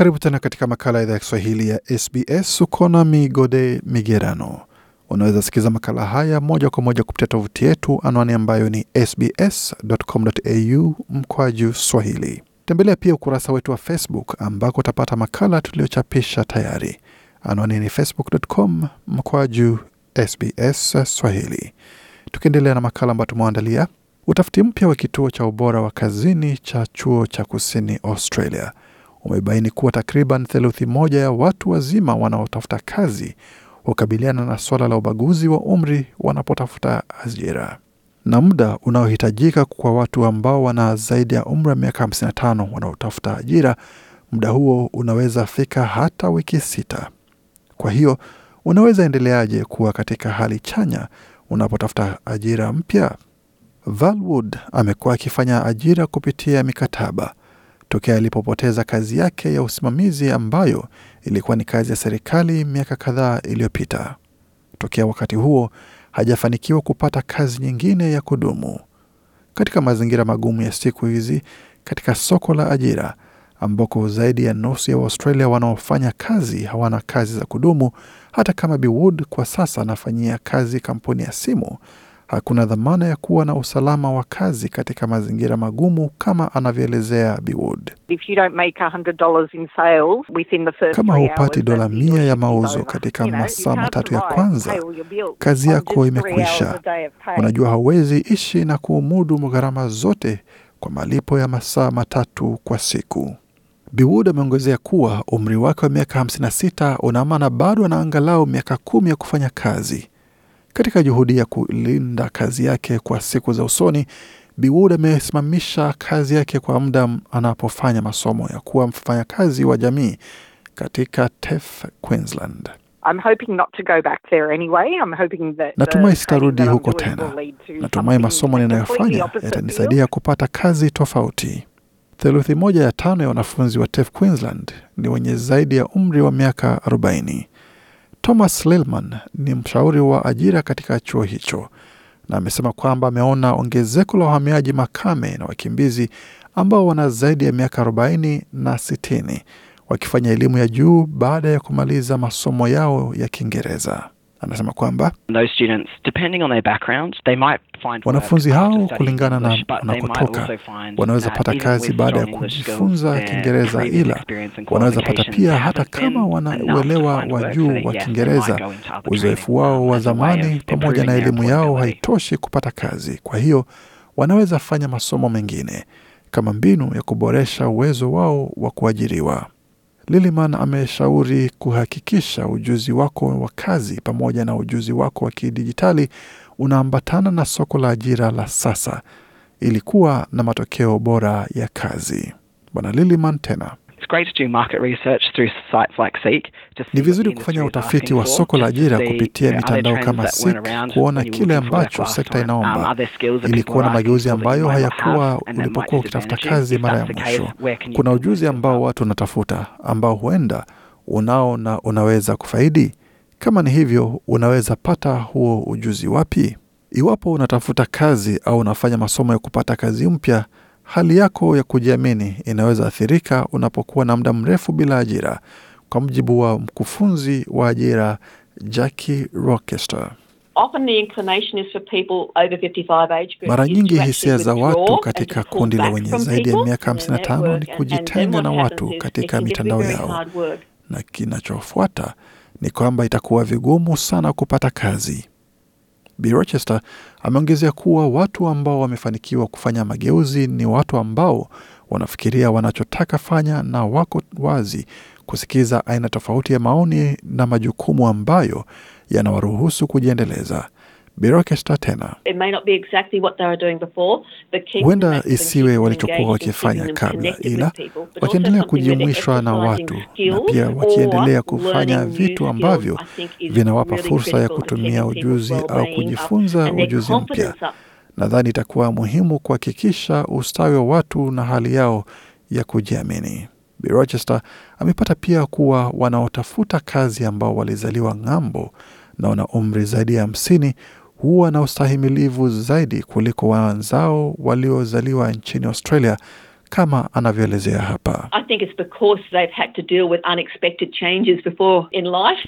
Karibu tena katika makala ya idhaa ya Kiswahili ya SBS. Uko na Migode Migerano. Unaweza sikiza makala haya moja kwa moja kupitia tovuti yetu, anwani ambayo ni sbs.com.au mkwaju swahili. Tembelea pia ukurasa wetu wa Facebook ambako utapata makala tuliochapisha tayari, anwani ni facebook.com mkwaju sbs swahili. Tukiendelea na makala ambayo tumeandalia, utafiti mpya wa kituo cha ubora wa kazini cha chuo cha kusini Australia umebaini kuwa takriban theluthi moja ya watu wazima wanaotafuta kazi hukabiliana na swala la ubaguzi wa umri wanapotafuta ajira na muda unaohitajika kwa watu ambao wana zaidi ya umri wa miaka 55 wanaotafuta ajira. Muda huo unaweza fika hata wiki sita. Kwa hiyo unaweza endeleaje kuwa katika hali chanya unapotafuta ajira mpya? Valwood amekuwa akifanya ajira kupitia mikataba tokea alipopoteza kazi yake ya usimamizi ambayo ilikuwa ni kazi ya serikali miaka kadhaa iliyopita. Tokea wakati huo hajafanikiwa kupata kazi nyingine ya kudumu. Katika mazingira magumu ya siku hizi katika soko la ajira ambako zaidi ya nusu ya Waustralia wanaofanya kazi hawana kazi za kudumu, hata kama Bi Wood kwa sasa anafanyia kazi kampuni ya simu hakuna dhamana ya kuwa na usalama wa kazi katika mazingira magumu, kama anavyoelezea Biwood. Kama hupati dola mia ya mauzo katika masaa matatu ya kwanza, kazi yako imekwisha. Unajua, hauwezi ishi na kuumudu gharama zote kwa malipo ya masaa matatu kwa siku. Biwood ameongezea kuwa umri wake wa miaka 56 unamana bado ana angalau miaka kumi ya kufanya kazi katika juhudi ya kulinda kazi yake kwa siku za usoni, Biwood amesimamisha kazi yake kwa muda anapofanya masomo ya kuwa mfanyakazi wa jamii katika tef Queensland. natumai sitarudi huko tena. Natumai masomo ninayofanya yatanisaidia kupata kazi tofauti. Theluthi moja ya tano ya wanafunzi wa tef Queensland ni wenye zaidi ya umri wa miaka 40. Thomas Lilman ni mshauri wa ajira katika chuo hicho na amesema kwamba ameona ongezeko la wahamiaji makame na wakimbizi ambao wana zaidi ya miaka 40 na 60 wakifanya elimu ya juu baada ya kumaliza masomo yao ya Kiingereza. Anasema kwamba wanafunzi hao kulingana na wanakotoka wanaweza pata kazi baada ya kujifunza Kiingereza, ila wanaweza pata pia, hata kama wana uelewa wa juu wa Kiingereza, uzoefu wao wa zamani pamoja na elimu yao haitoshi kupata kazi. Kwa hiyo wanaweza fanya masomo mengine kama mbinu ya kuboresha uwezo wao wa kuajiriwa. Liliman ameshauri kuhakikisha ujuzi wako wa kazi pamoja na ujuzi wako wa kidijitali unaambatana na soko la ajira la sasa ili kuwa na matokeo bora ya kazi. Bwana Liliman tena ni vizuri kufanya utafiti wa soko la ajira kupitia mitandao kama SEEK kuona kile ambacho sekta um, inaomba, ili kuona mageuzi ambayo hayakuwa ulipokuwa ukitafuta kazi mara ya mwisho. Kuna ujuzi ambao watu wanatafuta, ambao huenda unao na unaweza kufaidi. Kama ni hivyo, unaweza pata huo ujuzi wapi? Iwapo unatafuta kazi au unafanya masomo ya kupata kazi mpya, hali yako ya kujiamini inaweza athirika unapokuwa na muda mrefu bila ajira, kwa mujibu wa mkufunzi wa ajira Jackie Rochester. Mara nyingi hisia za watu katika kundi la wenye zaidi ya miaka 55 ni kujitenga na watu katika mitandao yao, na kinachofuata ni kwamba itakuwa vigumu sana kupata kazi. B. Rochester ameongezea kuwa watu ambao wamefanikiwa kufanya mageuzi ni watu ambao wanafikiria wanachotaka fanya na wako wazi kusikiza aina tofauti ya maoni na majukumu ambayo yanawaruhusu kujiendeleza. Birokeshta tena. Huenda isiwe walichokuwa wakifanya kabla, ila wakiendelea kujumuishwa na watu na pia wakiendelea kufanya vitu ambavyo vinawapa fursa ya kutumia ujuzi au kujifunza ujuzi mpya, nadhani itakuwa muhimu kuhakikisha ustawi wa watu na hali yao ya kujiamini. Bi Rochester amepata pia kuwa wanaotafuta kazi ambao walizaliwa ng'ambo na wana umri zaidi ya hamsini huwa na ustahimilivu zaidi kuliko wanzao waliozaliwa nchini Australia kama anavyoelezea hapa.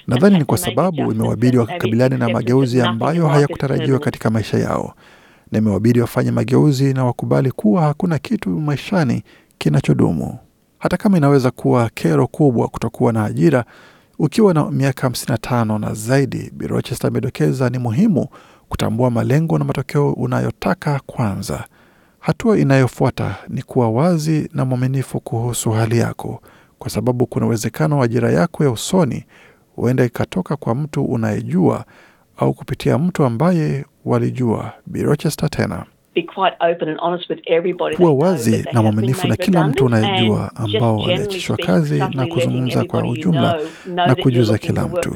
Nadhani ni kwa sababu imewabidi wakakabiliana na mageuzi ambayo hayakutarajiwa katika maisha yao, na imewabidi wafanye mageuzi na wakubali kuwa hakuna kitu maishani kinachodumu, hata kama inaweza kuwa kero kubwa kutokuwa na ajira ukiwa na miaka 55 na zaidi. Bi amedokeza ni muhimu kutambua malengo na matokeo unayotaka kwanza. Hatua inayofuata ni kuwa wazi na mwaminifu kuhusu hali yako, kwa sababu kuna uwezekano wa ajira yako ya usoni huenda ikatoka kwa mtu unayejua au kupitia mtu ambaye walijua. Birochester tena kuwa wazi na mwaminifu na kila mtu unayejua ambao waliachishwa kazi na kuzungumza kwa ujumla na kujuza kila mtu.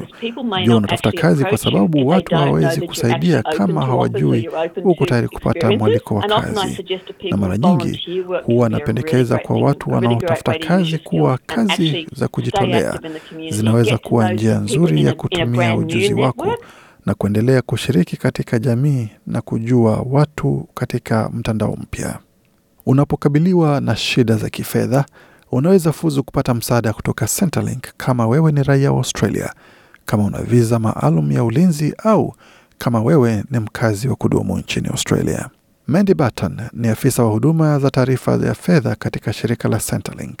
Jua unatafuta kazi kwa sababu watu hawawezi kusaidia kama hawajui huku tayari kupata mwaliko wa kazi, na mara nyingi huwa anapendekeza kwa watu wanaotafuta kazi kuwa kazi za kujitolea zinaweza kuwa njia nzuri ya kutumia ujuzi wako na kuendelea kushiriki katika jamii na kujua watu katika mtandao mpya. Unapokabiliwa na shida za kifedha, unaweza fuzu kupata msaada kutoka Centrelink kama wewe ni raia wa Australia, kama una viza maalum ya ulinzi au kama wewe ni mkazi wa kudumu nchini Australia. Mandy Barton ni afisa wa huduma za taarifa ya fedha katika shirika la Centrelink.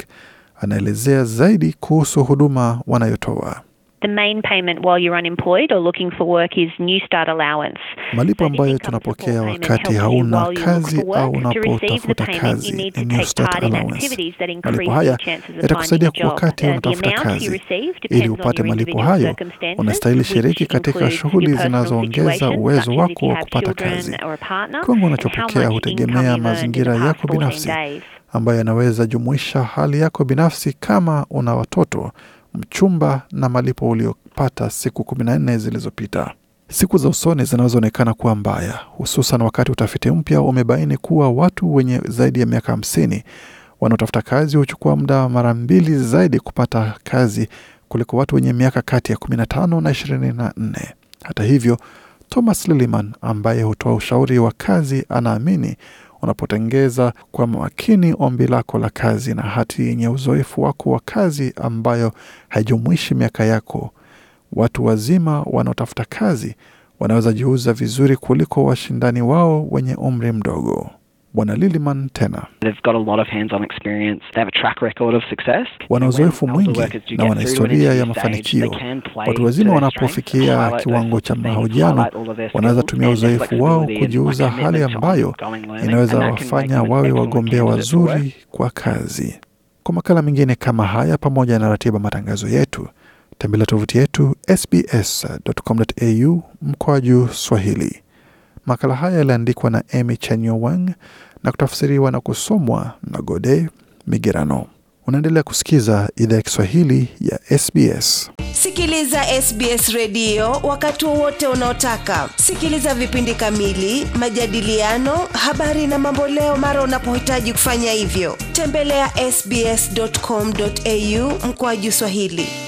Anaelezea zaidi kuhusu huduma wanayotoa. The main payment while you're unemployed or looking for work is new start allowance. Malipo ambayo tunapokea wakati hauna kazi au unapotafuta kazi ni new start allowance. Malipo haya yatakusaidia wakati uh, unatafuta kazi. Ili upate malipo hayo, unastahili shiriki katika shughuli zinazoongeza uwezo wako wa kupata kazi. Kiwango unachopokea hutegemea mazingira yako binafsi ambayo yanaweza jumuisha hali yako binafsi kama una watoto mchumba na malipo uliopata siku kumi na nne zilizopita. Siku za usoni zinazoonekana kuwa mbaya, hususan wakati utafiti mpya umebaini kuwa watu wenye zaidi ya miaka hamsini wanaotafuta kazi huchukua muda mara mbili zaidi kupata kazi kuliko watu wenye miaka kati ya 15 na 24. Hata hivyo Thomas Liliman ambaye hutoa ushauri wa kazi, anaamini unapotengeza kwa makini ombi lako la kazi na hati yenye uzoefu wako wa kazi ambayo haijumuishi miaka yako, watu wazima wanaotafuta kazi wanaweza jiuza vizuri kuliko washindani wao wenye umri mdogo. Bwana Liliman tena, wana uzoefu mwingi na wana historia ya mafanikio. Watu wazima wanapofikia kiwango cha mahojiano, wanaweza tumia uzoefu wao kujiuza, hali ambayo inaweza wafanya wawe wagombea wazuri kwa kazi. Kwa makala mengine kama haya, pamoja na ratiba matangazo yetu, tembelea tovuti yetu sbs.com.au mkoa juu Swahili. Makala haya yaliandikwa na Emy Chanyowang na kutafsiriwa na kusomwa na Gode Migerano. Unaendelea kusikiza idhaa ya Kiswahili ya SBS. Sikiliza SBS redio wakati wowote unaotaka. Sikiliza vipindi kamili, majadiliano, habari na mamboleo mara unapohitaji kufanya hivyo. Tembelea ya sbs.com.au mkoaju Swahili.